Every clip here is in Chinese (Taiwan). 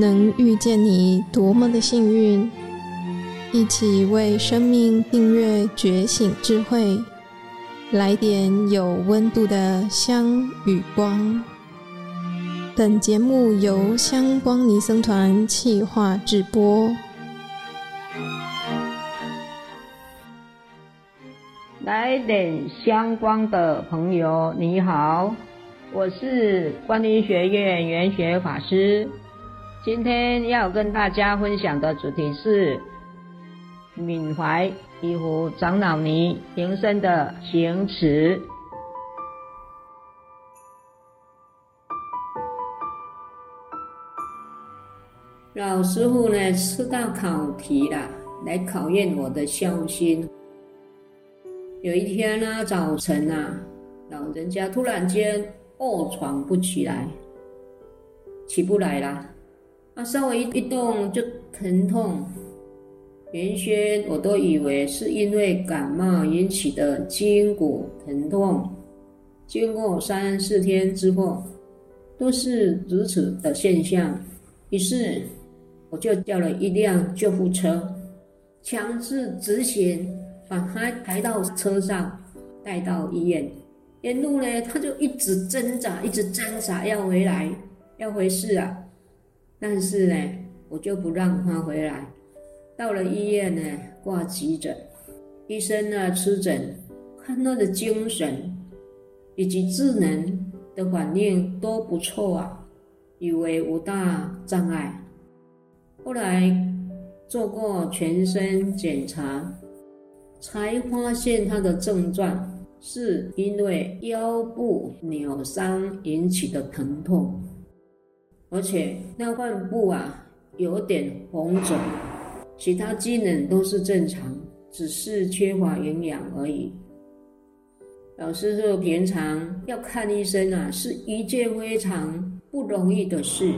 能遇見你，多麼的幸運！一起為生命訂閱覺醒智慧，來點有溫度的香與光。本節目由香光尼僧團企劃制播。來點香光的朋友，你好，我是觀音學院圓學法師。今天要跟大家分享的主題是緬懷乙福長老尼平生的行持。老師傅呢，出道考題了，來考驗我的孝心。有一天呢、啊，早晨啊，老人家突然間臥、哦、床不起來，起不來了。他稍微一動就疼痛，原先我都以為是因為感冒引起的筋骨疼痛，經過三四天之後，都是如此的現象，於是我就叫了一輛救護車，強制執行把他抬到車上帶到醫院，沿路呢，他就一直掙扎，一直掙扎要回來，要回寺啊。但是呢，我就不讓他回來。到了醫院呢，掛急診，醫生呢，初診，看他的精神以及智能的反應都不錯啊，以為無大障礙。後來做過全身檢查，才發現他的症狀是因為腰部扭傷引起的疼痛。而且那患部啊，有點紅腫，其他機能都是正常，只是缺乏營養而已。老師說平常要看醫生啊，是一件非常不容易的事，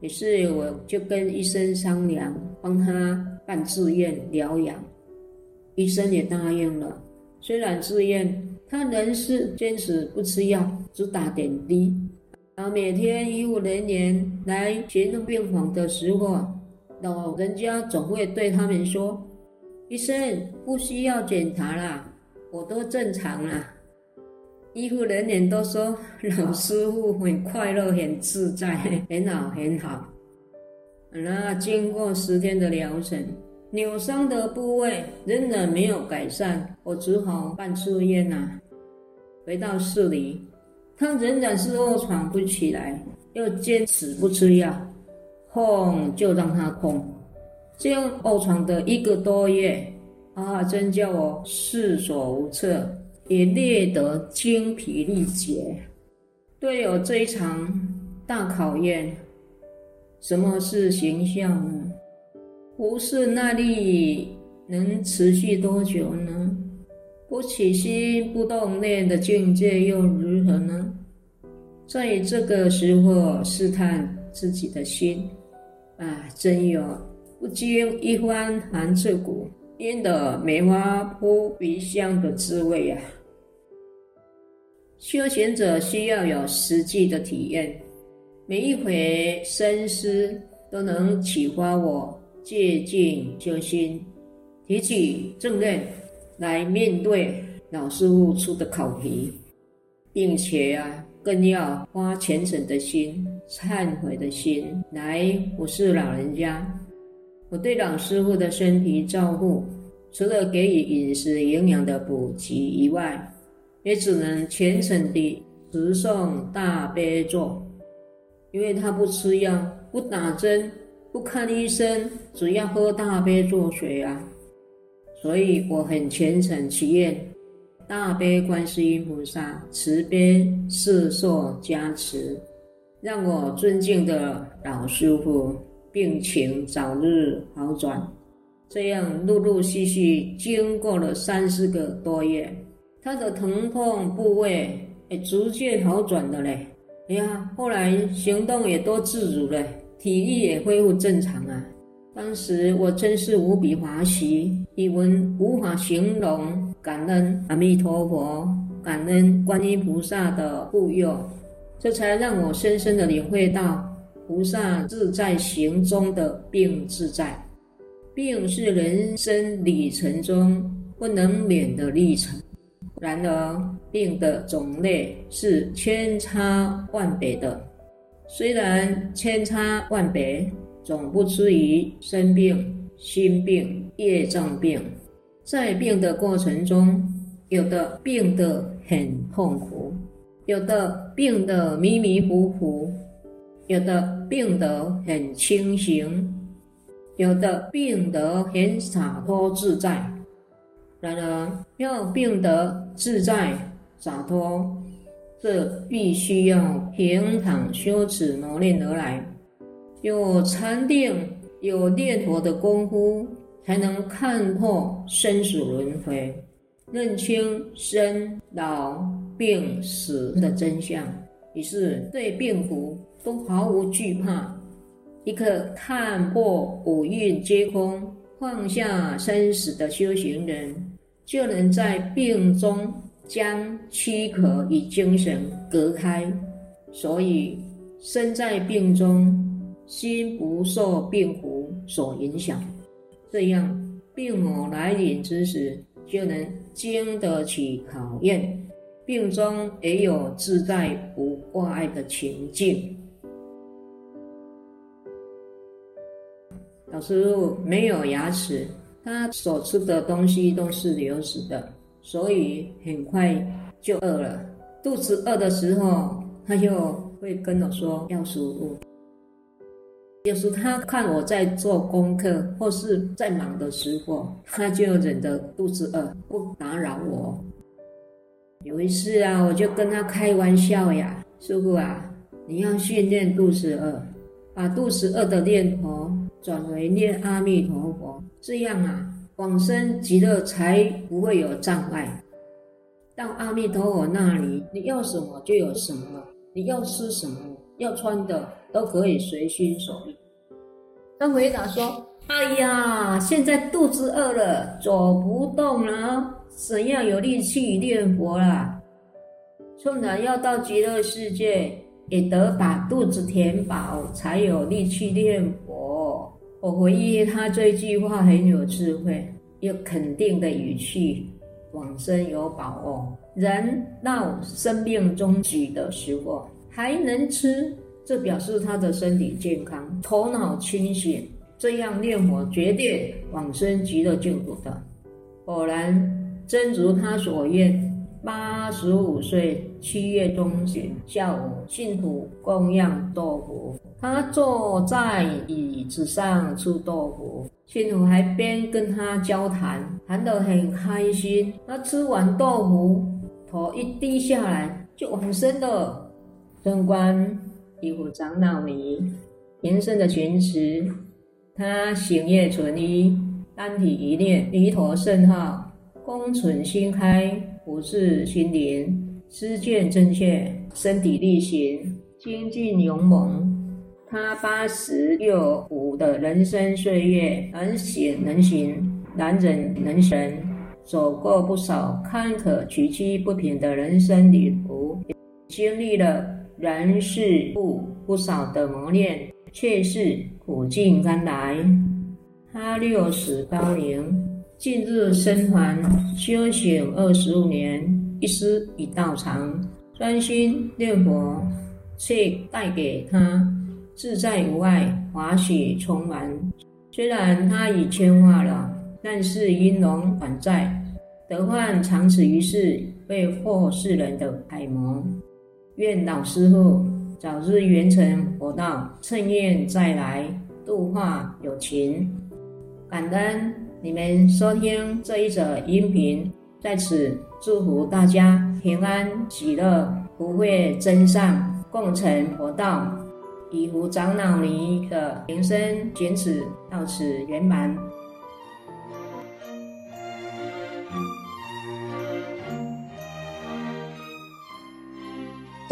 於是我就跟醫生商量，幫他辦住院療養，醫生也答應了。雖然住院，他仍是堅持不吃藥，只打點滴。當每天醫護人員來巡病房的時候，老人家總會對他們說：“醫生不需要檢查了，我都正常了。”醫護人員都說老師父很快樂、很自在、很好、很好。那經過十天的療程，扭傷的部位仍然沒有改善，我只好辦出院了，回到寺裡。但仍然是臥床不起來，又堅持不吃藥，痛就讓它痛，這樣臥床的一個多月啊，真叫我束手無策，也累得精疲力竭。對我這一場大考驗，什麼是形象呢？不是那力能持續多久呢？不起心不動念的境界又如何呢？在這個時候試探自己的心，啊，真有，哦，不經一番寒徹骨，焉得梅花撲鼻香的滋味啊！修行者需要有實際的體驗，每一回深思都能啟發我借境修心，提起正念。來面對老師父出的考題，並且啊，更要花虔誠的心、懺悔的心來服侍老人家。我對老師父的身體照顧，除了給予飲食營養的補給以外，也只能虔誠地持誦大悲咒，因為他不吃藥、不打針、不看醫生，只要喝大悲咒水啊。所以我很虔誠祈願大悲觀世音菩薩慈悲攝受、加持，讓我尊敬的老師父病情早日好轉。這樣陸陸續續經過了三四個多月，他的疼痛部位也逐漸好轉了嘞。哎呀，後來行動也都自如了，體力也恢復正常啊。當時我真是無比歡喜，因為無法形容，感恩阿彌陀佛，感恩觀音菩薩的護佑，這才讓我深深的領會到菩薩自在行中的病自在。病是人生旅程中不能免的歷程，然而病的種類是千差萬別的，雖然千差萬別。總不至於身病，心病，業障病。在病的過程中，有的病得很痛苦，有的病得迷迷糊糊，有的病得很清醒，有的病得很灑脫自在。然而，要病得自在灑脫，這必須要平躺修持磨練而來。有禪定、有念佛的功夫，才能看破生死輪迴，認清生老病死的真相。於是對病苦都毫無懼怕。一個看破五蘊皆空、放下生死的修行人，就能在病中將軀殼與精神隔開。所以，身在病中。心不受病苦所影響，這樣病魔來臨之時，就能經得起考驗。病中也有自在不掛礙的情境。老師沒有牙齒，他所吃的東西都是流食的，所以很快就餓了。肚子餓的時候，他又會跟我說要食物。有時他看我在做功課或是在忙的時候，他就忍着肚子餓不打擾我。有一次啊，我就跟他開玩笑呀：“師父啊，你要訓練肚子餓，把肚子餓的念佛轉為念阿彌陀佛，這樣啊，往生極樂才不會有障礙。到阿彌陀佛那裡，你要什麼就有什麼，你要吃什麼要穿的。”都可以隨心所欲。他回答說：“哎呀，現在肚子餓了，走不動了，怎樣有力氣念佛了？縱然要到極樂世界，也得把肚子填飽，才有力氣念佛。”我回憶他這句話很有智慧，有肯定的語氣，往生有把握。人到生命中止的時候，還能吃。這表示他的身體健康，頭腦清醒，這樣念佛絕對往生極樂淨土的。果然，真如他所願。八十五歲七月中旬下午，信徒供養豆腐，他坐在椅子上吃豆腐，信徒還邊跟他交談，談得很開心。他吃完豆腐，頭一低下來就往生了。乙福長老尼，平生的行持，他行業純一，單提一念，彌陀聖號，功存心開，福至心靈，知見正確，身體力行，精進勇猛。他八十六五的人生歲月，難行能行，難忍能忍，走過不少坎坷崎嶇不平的人生旅途，經歷了。人事不不少的磨練，卻是苦盡甘來。他六十高齡，近日生還修行二十五年，一絲已道長，專心念佛，卻帶給他自在無礙，法喜充滿。雖然他已遷化了，但是音容宛在，得患長此於世，為後世人的楷模。願老師父早日圓成佛道，乘願再來度化有情。感恩你們收聽這一則音頻，在此祝福大家平安喜樂，福慧增上，共成佛道。乙福長老尼的平生剪輯到此圓滿。